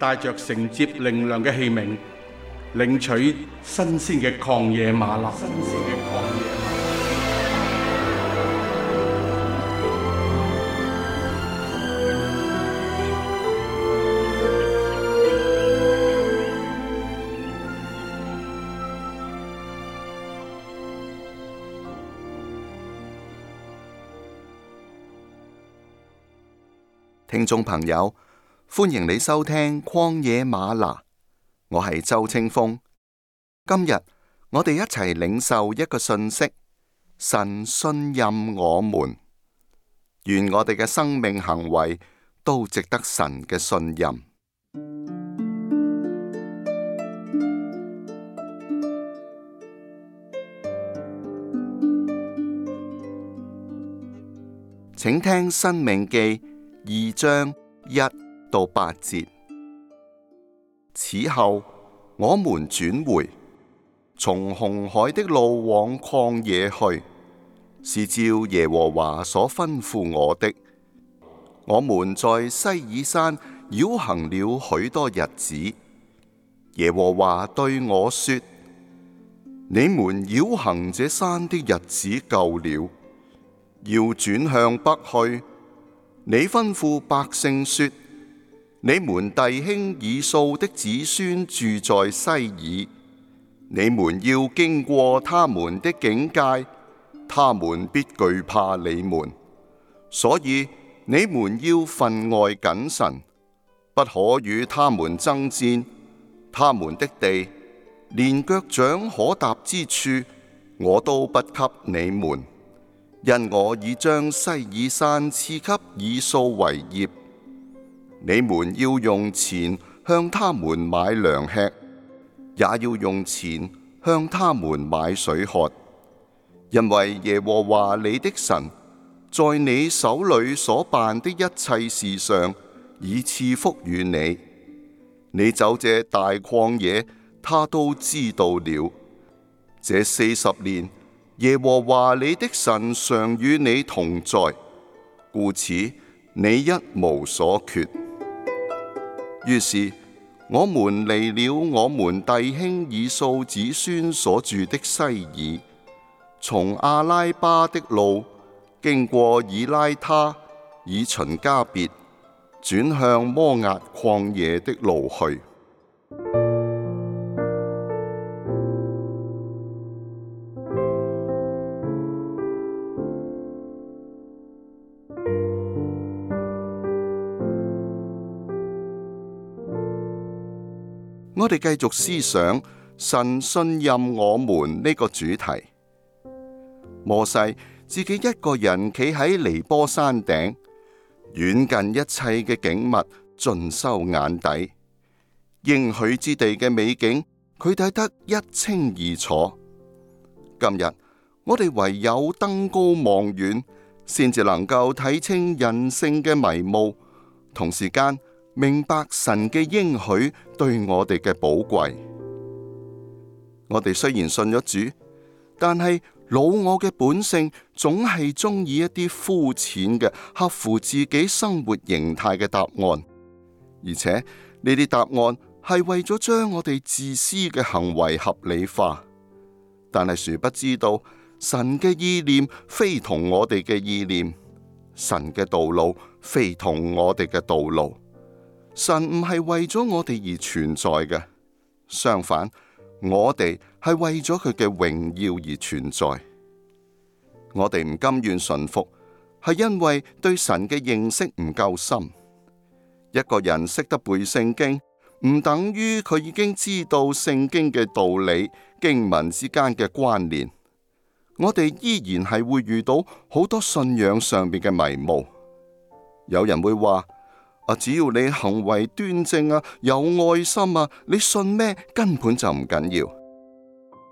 帶着承接靈糧嘅器皿，領取新鮮嘅曠野嗎哪。新鮮嘅曠野嗎哪。聽眾朋友。歡迎你收聽曠野嗎哪，我係周清風。今日我哋一齊領受一個信息：神信任我們，願我哋嘅生命行為都值得神嘅信任。請聽《申命記》二章一。到八節，此後我們轉回從紅海的路往曠野去，是照耶和華所吩咐我的。我們在西爾山繞行了許多日子，耶和華對我說：你們繞行這山的日子夠了，要轉向北去。你吩咐百姓說。你們弟兄以掃的子孫住在西爾，你們要經過他們的境界，他們必懼怕你們。所以你們要分外謹慎，不可與他們爭戰。他們的地，連腳掌可踏之處，我都不給你們，因我已將西爾山賜給以掃為業。你們要用錢向他們買糧吃，也要用錢向他們買水喝，因為耶和華你的神在你手裏所辦的一切事上已賜福與你。你走這大曠野，他都知道了。這四十年，耶和華你的神常與你同在，故此你一無所缺。於是，我們離了我們弟兄以掃子孫所住的西珥，從亞拉巴的路，經過以拉他、以旬迦別，轉向摩押曠野的路去。我哋繼續思想神信任我們呢個主題。摩西自己一個人企喺尼波山頂，遠近一切嘅景物盡收眼底，應許之地嘅美景，佢睇得一清二楚。今日我哋唯有登高望遠，先至能夠睇清人性嘅迷霧，同時間。明白神嘅應許對我哋嘅寶貴。我哋雖然信咗主，但係老我嘅本性總係中意一啲膚淺嘅、合乎自己生活形態嘅答案，而且呢啲答案係為咗將我哋自私嘅行為合理化。但係殊不知道，神嘅意念非同我哋嘅意念，神嘅道路非同我哋嘅道路。神唔係為咗我哋而存在嘅，相反，我哋係為咗佢嘅榮耀而存在。我哋唔甘願信服，係因為對神嘅認識唔夠深。一個人識得背聖經，唔等於佢已經知道聖經嘅道理、經文之間嘅關聯。我哋依然係會遇到好多信仰上面嘅迷霧。有人會話：只要你行為端正啊，有愛心啊，你信咩根本就唔緊要。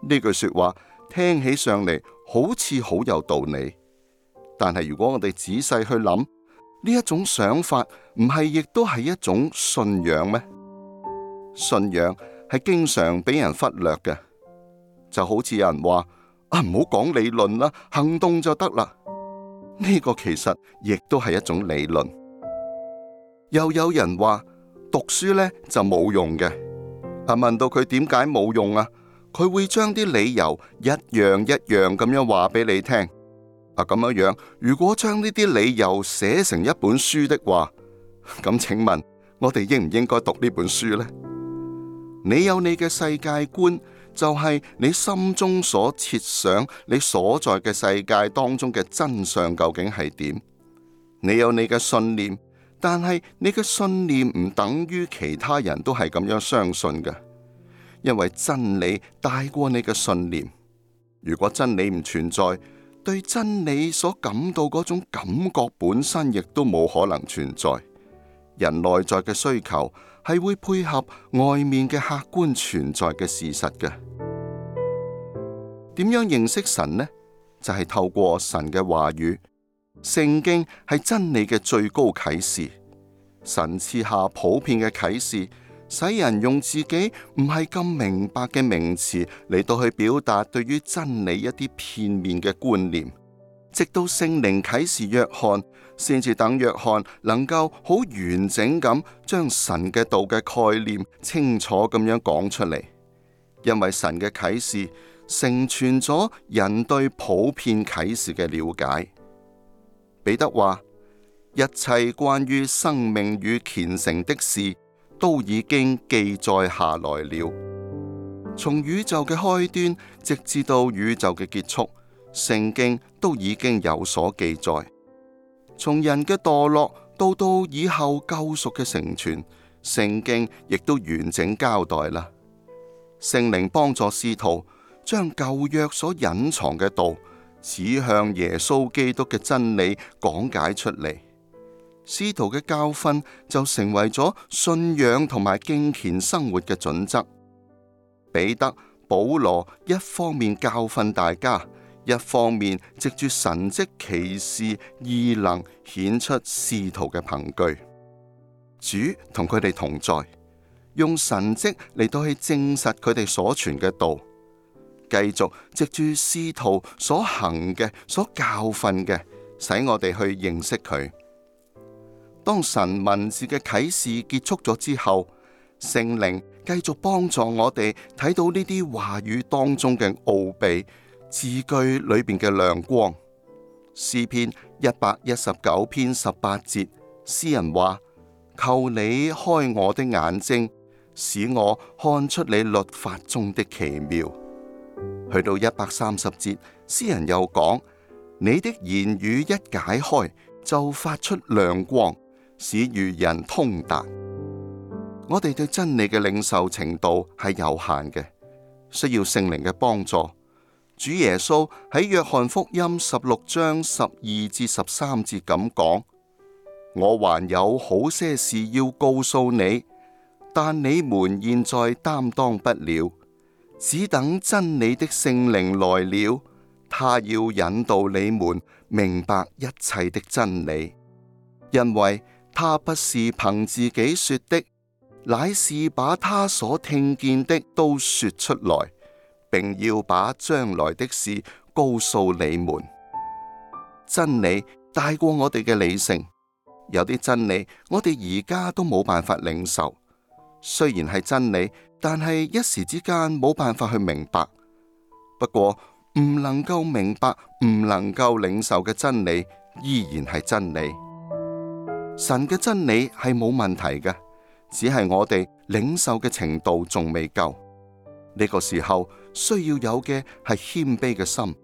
呢句說話聽起上嚟好似好有道理，但係如果我哋仔細去諗，呢一種想法唔係亦都係一種信仰咩？信仰係經常俾人忽略嘅，就好似有人話啊，唔好講理論啦，行動就得啦。呢個其實亦都係一種理論。又有人話讀書呢就冇用嘅，啊問到佢點解冇用啊？佢會將啲理由一樣一樣咁樣話俾你聽。啊咁樣如果將呢啲理由寫成一本書的話，咁，啊，請問我哋應唔應該讀呢本書呢？你有你嘅世界觀，就係，是，你心中所設想你所在嘅世界當中嘅真相究竟係點？你有你嘅信念。但係你嘅信念唔等於其他人都係咁樣相信嘅，因為真理大過你嘅信念。如果真理唔存在，對真理所感到嗰種感覺本身亦都冇可能存在。人內在嘅需求係會配合外面嘅客觀存在嘅事實嘅。點樣認識神呢？就係透過神嘅話語。聖經係真理嘅最高啟示，神賜下普遍嘅啟示，使人用自己唔係咁明白嘅名詞嚟到去表達對於真理一啲片面嘅觀念，直到聖靈啟示約翰，先至等約翰能夠好完整咁將神嘅道嘅概念清楚咁樣講出嚟，因為神嘅啟示成全咗人對普遍啟示嘅了解。彼得話：一切關於生命與虔誠的事都已經記載下來了，從宇宙嘅開端，直至到宇宙嘅結束，聖經都已經有所記載。從人嘅墮落到到以後救贖嘅成全，聖經亦都完整交代啦。聖靈幫助使徒將舊約所隱藏嘅道，指向耶穌基督嘅真理講解出嚟，使徒嘅教訓就成為咗信仰同埋敬虔生活嘅準則。彼得、保羅一方面教訓大家，一方面藉住神跡奇事異能顯出使徒嘅憑據。主同佢哋同在，用神跡嚟到去證實佢哋所傳嘅道。繼續藉住使徒所行嘅、所教訓嘅，使我哋去認識佢。當神文字嘅啟示結束咗之後，聖靈繼續幫助我哋睇到呢啲話語當中嘅奧秘字句裏邊嘅亮光。詩篇一百一十九篇十八節，詩人話：求你開我的眼睛，使我看出你律法中的奇妙。去到一百三十節，詩人又講：你的言語一解開，就發出亮光，使愚人通達。我哋對真理嘅領受程度係有限嘅，需要聖靈嘅幫助。主耶穌喺約翰福音十六章十二至十三節咁講：我還有好些事要告訴你，但你們現在擔當不了。只等真理的聖靈來了，他要引導你們明白一切的真理，因為他不是憑自己說的，乃是把他所聽見的都說出來，並要把將來的事告訴你們。真理大過我哋嘅理性，有啲真理我哋而家都冇辦法領受，雖然係真理。但係一時之間冇辦法去明白，不過唔能夠明白、唔能夠領受嘅真理，依然係真理。神嘅真理係冇問題嘅，只係我哋領受嘅程度仲未夠。呢個時候需要有嘅係謙卑嘅心，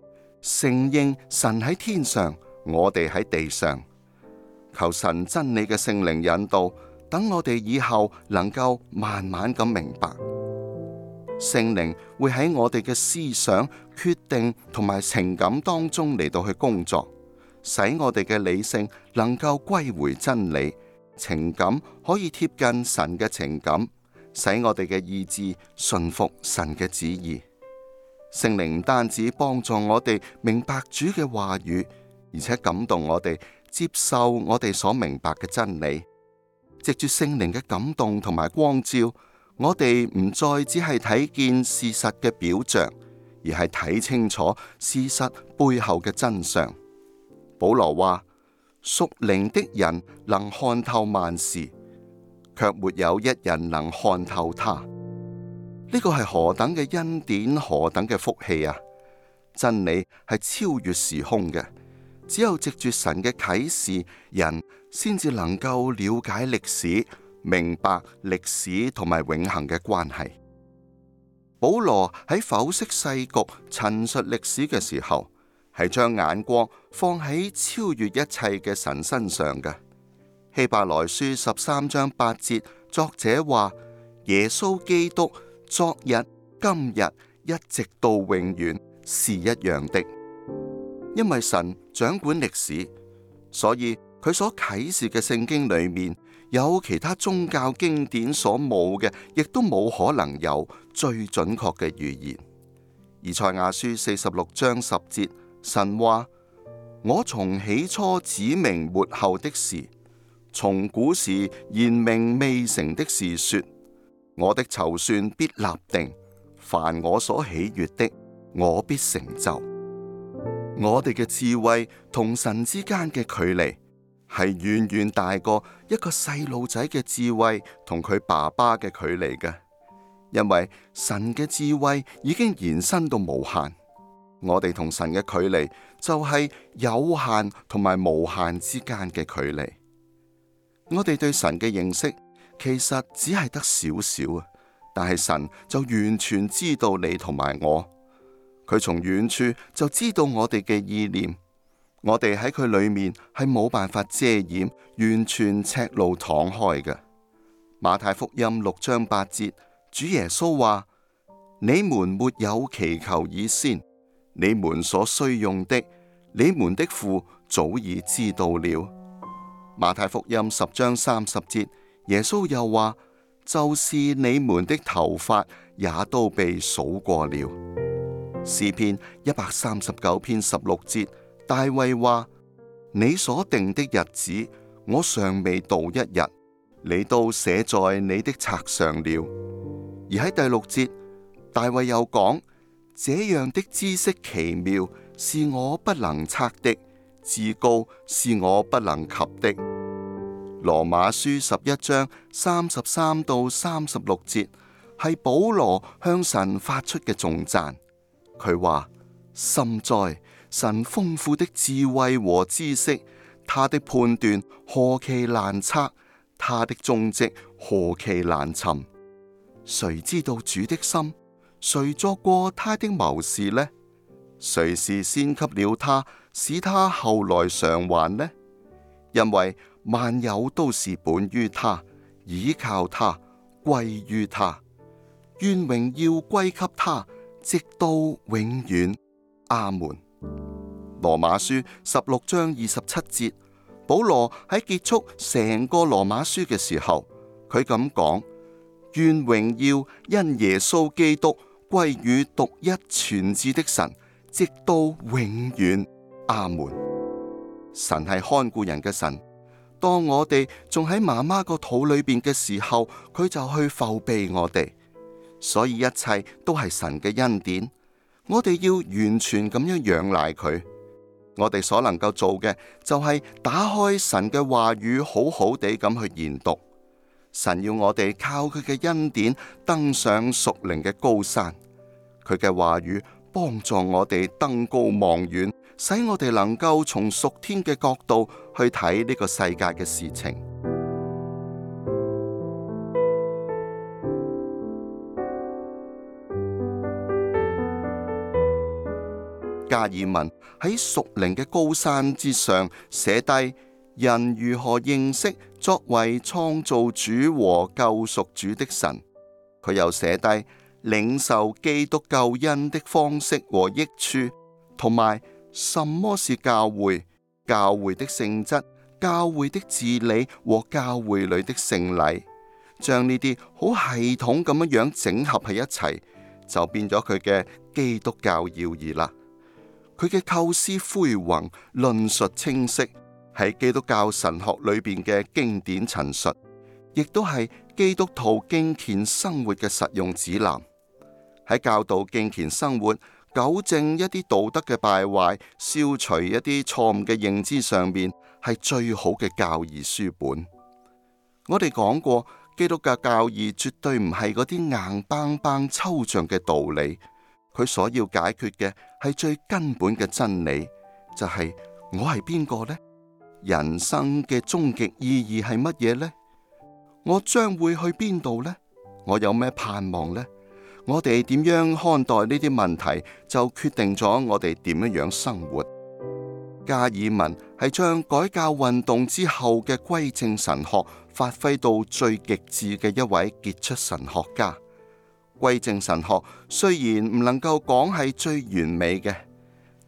承認神喺天上，我哋喺地上，求神真理嘅聖靈引導。等我哋以後能夠慢慢咁明白，聖靈會喺我哋嘅思想、決定同埋情感當中嚟到去工作，使我哋嘅理性能夠歸回真理，情感可以貼近神嘅情感，使我哋嘅意志順服神嘅旨意。聖靈唔單止幫助我哋明白主嘅話語，而且感動我哋接受我哋所明白嘅真理。藉住聖靈嘅感動同埋光照，我哋唔再只係睇見事實嘅表象，而係睇清楚事實背後嘅真相。保羅話：屬靈的人能看透萬事，卻沒有一人能看透他。呢個係何等嘅恩典，何等嘅福氣啊！真理係超越時空嘅。只有藉住神嘅啟示，人先至能夠了解歷史、明白歷史同埋永恆嘅關係。保羅喺剖析世局陳述歷史嘅時候，係將眼光放喺超越一切嘅神身上嘅。希伯來書十三章八節，作者話：耶穌基督昨日、今日一直到永遠是一樣的。因為神掌管歷史，所以佢所啟示嘅聖經裏面有其他宗教經典所冇嘅，亦都冇可能有最準確嘅預言。而賽亞書四十六章十節，神話：我從起初指明末後的事，從古時言明未成的事說，我的籌算必立定，凡我所喜悅的，我必成就。我哋嘅智慧同神之間嘅距離係遠遠大過一個細路仔嘅智慧同佢爸爸嘅距離㗎，因為神嘅智慧已經延伸到無限，我哋同神嘅距離就係有限同埋無限之間嘅距離。我哋對神嘅認識其實只係得少少啊，但係神就完全知道你同埋我。佢從遠處就知道我哋嘅意念，我哋喺佢裏面係冇辦法遮掩，完全赤露躺開嘅。馬太福音六章八節，主耶穌話：你們沒有祈求以先，你們所需用的，你們的父早已知道了。馬太福音十章三十節，耶穌又話：就是你們的頭髮也都被數過了。詩篇一百三十九篇十六節，大衛話：你所定的日子，我尚未度一日，你都寫在你的冊上了。而喺第六節，大衛又講：這樣的知識奇妙，是我不能測的，至高是我不能及的。羅馬書十一章三十三到三十六節，係保羅向神發出嘅重讚。佢話：深哉神豐富的智慧和知識，他的判斷何其難測，他的蹤跡何其難尋。誰知道主的心？誰作過他的謀士呢？誰是先給了他，使他後來償還呢？因為萬有都是本於他，倚靠他，歸於他，願榮耀歸給他。直到永遠，阿門。羅馬書十六章二十七節，保羅喺結束成個羅馬書嘅時候，佢咁講：願榮耀因耶穌基督歸於獨一全智的神，直到永遠，阿門。神係看顧人嘅神，當我哋仲喺媽媽個肚裏邊嘅時候，佢就去伏庇我哋。所以一切都係神嘅恩典，我哋要完全咁樣仰賴佢。我哋所能夠做嘅就係打開神嘅話語，好好地咁去研讀。神要我哋靠佢嘅恩典登上屬靈嘅高山，佢嘅話語幫助我哋登高望遠，使我哋能夠從屬天嘅角度去睇呢個世界嘅事情。加爾文喺屬靈嘅高山之上寫低人如何認識作為創造主和救贖主的神。佢又寫低領受基督救恩的方式和益處，同埋什麼是教會、教會的性質、教會的治理和教會裏的聖禮，將呢啲好系統咁樣樣整合喺一齊，就變咗佢嘅基督教要義啦。佢嘅構思恢宏，論述清晰，喺基督教神學裏邊嘅經典陳述，亦都係基督徒敬虔生活嘅實用指南。喺教導敬虔生活、糾正一啲道德嘅敗壞、消除一啲錯誤嘅認知上面，係最好嘅教義書本。我哋講過，基督教教義絕對唔係嗰啲硬邦邦抽象嘅道理，佢所要解決嘅，係最根本嘅真理，就係我係邊個呢？人生嘅終極意義係乜嘢呢？我將會去邊度呢？我有咩盼望呢？我哋點樣看待呢啲問題，就決定咗我哋點樣生活。加爾文係將改革運動之後嘅歸正神學發揮到最極致嘅一位傑出神學家。歸正神學雖然唔能夠講係最完美嘅，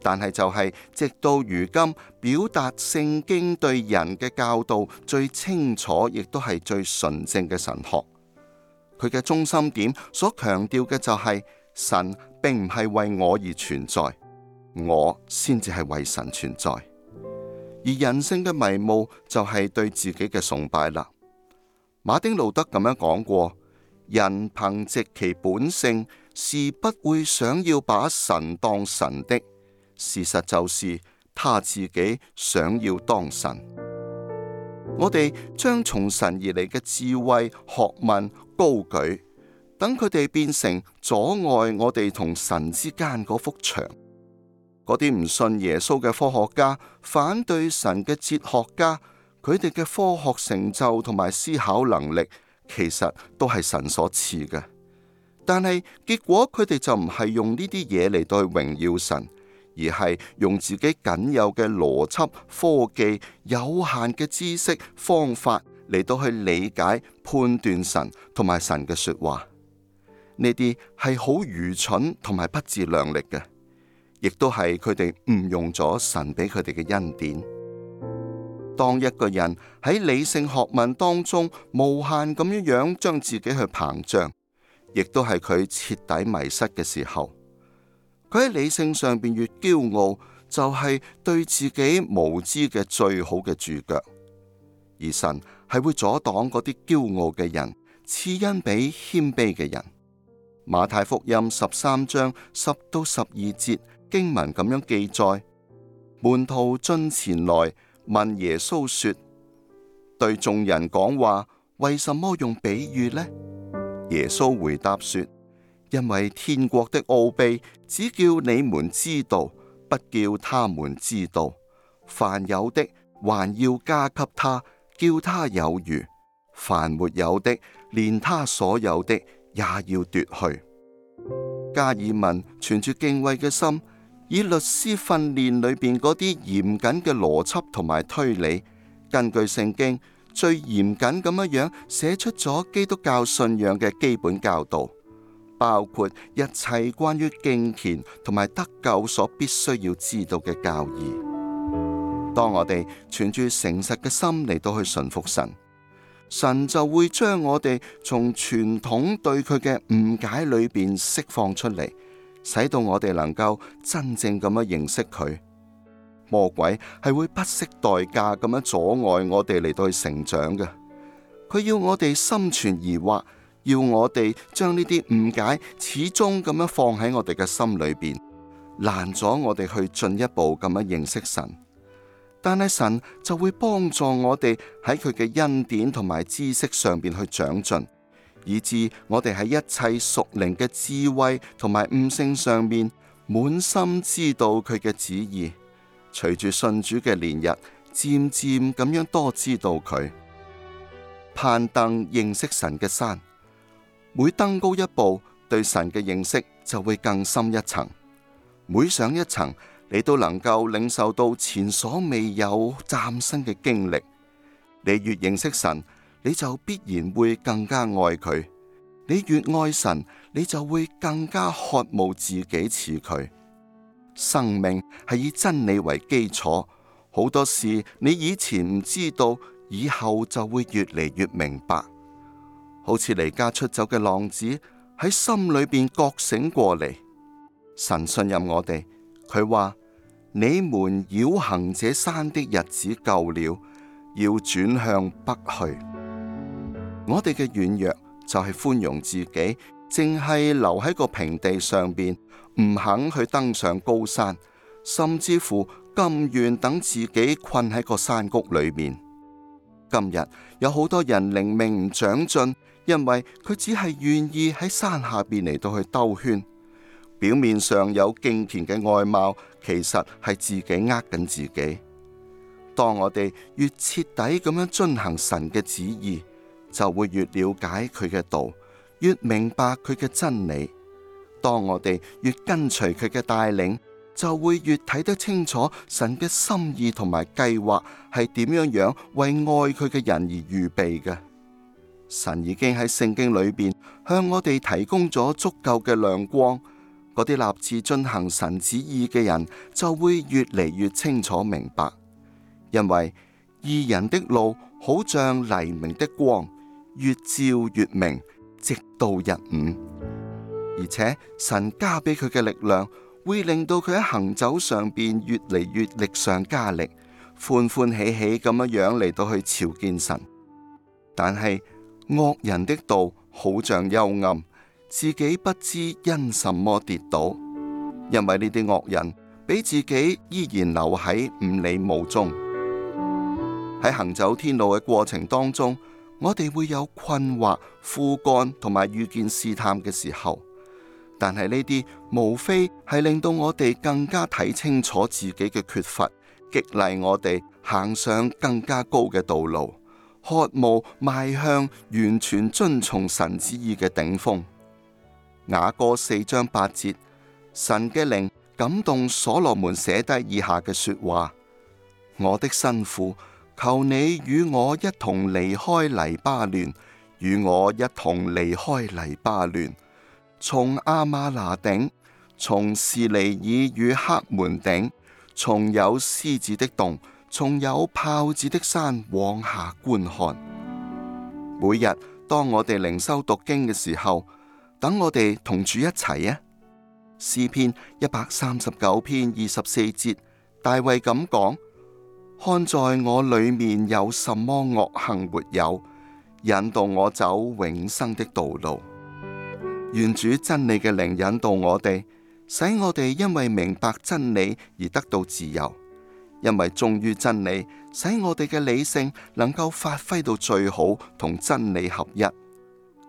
但係就係直到如今，表達聖經對人嘅教導最清楚，亦都係最純正嘅神學。佢嘅中心點所強調嘅就係，神並唔係為我而存在，我先至係為神存在。而人性嘅迷霧就係對自己嘅崇拜啦。馬丁路德咁樣講過。人憑藉其本性是不會想要把神當神的，事實就是他自己想要當神。我哋將從神而嚟嘅智慧、學問高舉，等佢哋變成阻礙我哋同神之間嗰幅牆。嗰啲唔信耶穌嘅科學家、反對神嘅哲學家，佢哋嘅科學成就同埋思考能力，其實都係神所賜嘅，但係結果佢哋就唔係用呢啲嘢嚟到去榮耀神，而係用自己僅有嘅邏輯、科技、有限嘅知識、方法嚟到去理解、判斷神同埋神嘅說話。呢啲係好愚蠢同埋不自量力嘅，亦都係佢哋誤用咗神俾佢哋嘅恩典。當一個人喺理性學問當中無限咁樣樣將自己去膨脹，亦都係佢徹底迷失嘅時候，佢喺理性上邊越驕傲，就係、是、對自己無知嘅最好嘅註腳。而神係會阻擋嗰啲驕傲嘅人，賜恩俾謙卑嘅人。馬太福音十三章十到十二節經文咁樣記載：「門徒進前來。問耶穌說：對眾人講話，為什麼用比喻呢？耶穌回答說：因為天國的奧秘只叫你們知道，不叫他們知道。凡有的，還要加給他，叫他有餘；凡沒有的，連他所有的也要奪去。加爾文存住敬畏嘅心。以律師訓練裏邊嗰啲嚴謹嘅邏輯同埋推理，根據聖經最嚴謹咁樣樣寫出咗基督教信仰嘅基本教導，包括一切關於敬虔同埋得救所必須要知道嘅教義。當我哋存住誠實嘅心嚟到去順服神，神就會將我哋從傳統對佢嘅誤解裏邊釋放出嚟。使到我哋能夠真正咁樣認識佢，魔鬼係會不惜代價咁樣阻礙我哋嚟到去成長嘅。佢要我哋心存疑惑，要我哋將呢啲誤解始終咁樣放喺我哋嘅心裏邊，攔阻我哋去進一步咁樣認識神。但係神就會幫助我哋喺佢嘅恩典同埋知識上邊去長進。以致我哋喺一切屬靈嘅智慧同埋悟性上面，滿心知道佢嘅旨意。隨住信主嘅年日，漸漸咁樣多知道佢。攀登認識神嘅山，每登高一步，對神嘅認識就會更深一層。每上一層，你都能夠領受到前所未有嶄新嘅經歷。你越認識神。你就必然會更加愛佢。你越愛神，你就會更加渴慕自己似佢。生命係以真理為基礎，好多事你以前唔知道，以後就會越嚟越明白。好似離家出走嘅浪子喺心裏邊覺醒過嚟。神信任我哋，佢話，你們繞行這山的日子夠了，要轉向北去。我哋嘅軟弱就係寬容自己，淨係留喺個平地上邊，唔肯去登上高山，甚至乎甘願等自己困喺個山谷裏面。今日有好多人靈命唔長進，因為佢只係願意喺山下邊嚟到去兜圈，表面上有敬虔嘅外貌，其實係自己呃緊自己。當我哋越徹底咁樣遵行神嘅旨意，就會越了解佢嘅道，越明白佢嘅真理。當我哋越跟隨佢嘅帶領，就會越睇得清楚神嘅心意同埋計劃係點樣樣為愛佢嘅人而預備嘅。神已經喺聖經裏邊向我哋提供咗足夠嘅亮光，嗰啲立志遵行神旨意嘅人就會越嚟越清楚明白，因為義人的路好像黎明的光，越照越明，直到日午。而且神加俾佢嘅力量，會令到佢喺行走上面越嚟越力上加力，歡歡喜喜咁樣樣嚟到去朝見神。但係惡人的道好像幽暗，自己不知因什麼跌倒，因為呢啲惡人畀自己依然留喺五里霧中，喺行走天路嘅過程當中。我哋會有困惑、枯乾同埋遇見試探嘅時候，但係呢啲無非係令到我哋更加睇清楚自己嘅缺乏，激勵我哋行上更加高嘅道路，渴慕邁向完全遵從神旨意嘅頂峰。雅歌四章八節，神嘅靈感動所羅門寫低以下嘅說話：我的新婦。求你與我一同離開黎巴嫩，與我一同離開黎巴嫩，從亞瑪拿頂，從士尼爾與黑門頂，從有獅子的洞，從有豹子的山往下觀看。每日當我哋靈修讀經嘅時候，等我哋同主一齊啊。詩篇一百三十九篇二十四節，大衛咁講。看在我裏面有什麼惡行沒有，引導我走永生的道路。願主真理嘅靈引導我哋，使我哋因為明白真理而得到自由，因為忠於真理，使我哋嘅理性能夠發揮到最好，同真理合一。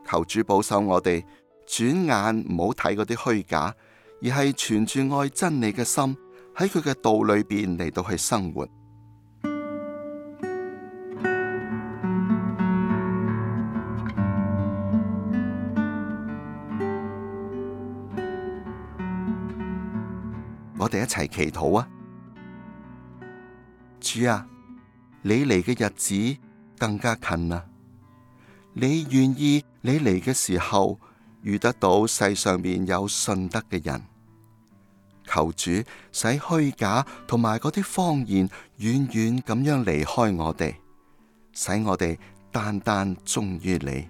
求主保守我哋，轉眼唔好睇嗰啲虛假，而係存住愛真理嘅心喺佢嘅道裏邊嚟到去生活。我哋一齊祈禱啊！主啊，你嚟嘅日子更加近啦！你願意你嚟嘅時候遇得到世上面有信德嘅人？求主使虛假同埋嗰啲謊言遠遠咁樣離開我哋，使我哋單單忠於你，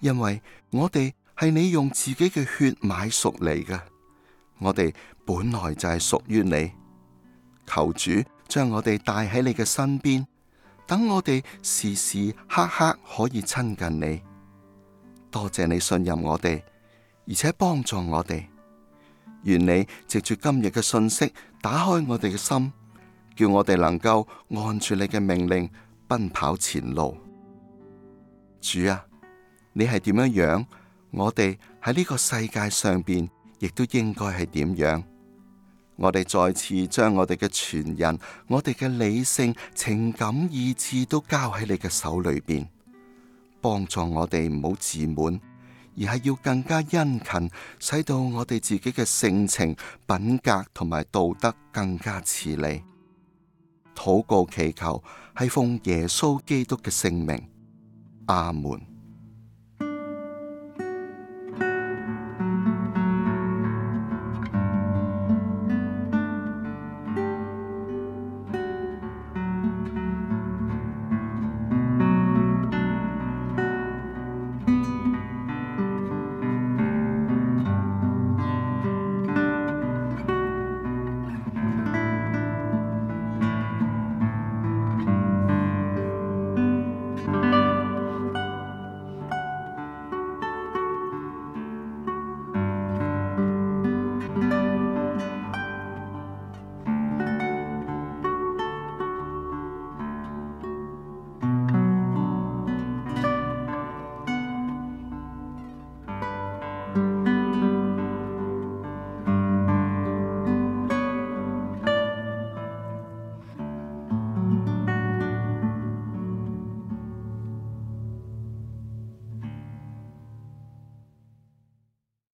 因為我哋係你用自己嘅血買贖嚟嘅。我哋本來就係屬於你，求主將我哋帶喺你嘅身邊，等我哋時時刻刻可以親近你。多謝你信任我哋，而且幫助我哋。願你藉住今日嘅信息，打開我哋嘅心，叫我哋能夠按住你嘅命令奔跑前路。主啊，你係點樣樣？我哋喺呢個世界上邊。亦都應該係點樣？我哋再次將我哋嘅全人、我哋嘅理性、情感、意志都交喺你嘅手裏邊，幫助我哋唔好自滿，而係要更加殷勤，使到我哋自己嘅性情、品格同埋道德更加似你。禱告祈求係奉耶穌基督嘅聖名，阿門。